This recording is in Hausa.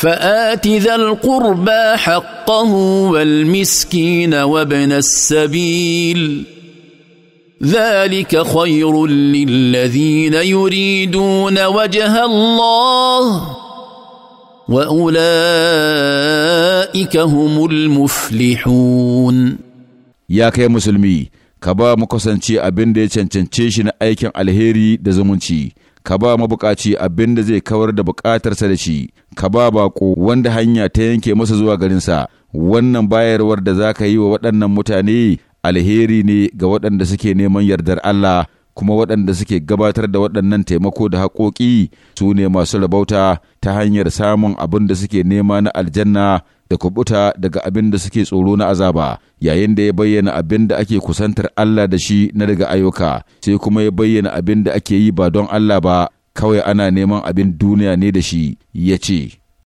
فات ذا القربى حقه والمسكين وابن السبيل ذلك خير للذين يريدون وجه الله واولئك هم المفلحون يا كي مسلمي ka ba mu kasance abin da ya cancance shi na aikin alheri da zumunci ka ba mabukaci abin da zai kawar da bukatarsa da shi ka ba bako wanda hanya ta yanke masa zuwa garinsa wannan bayarwar da za ka yi wa waɗannan mutane alheri ne ga waɗanda suke neman yardar Allah kuma waɗanda suke gabatar da waɗannan taimako da haƙoƙi su ne masu rabauta ta hanyar samun abin da suke nema na aljanna da kubuta daga abin da suke tsoro na azaba. yayin da ya bayyana abin da ake kusantar Allah da shi na daga ayyuka sai kuma ya bayyana abin da ake yi ba don Allah ba kawai ana neman abin duniya ne da shi ya ce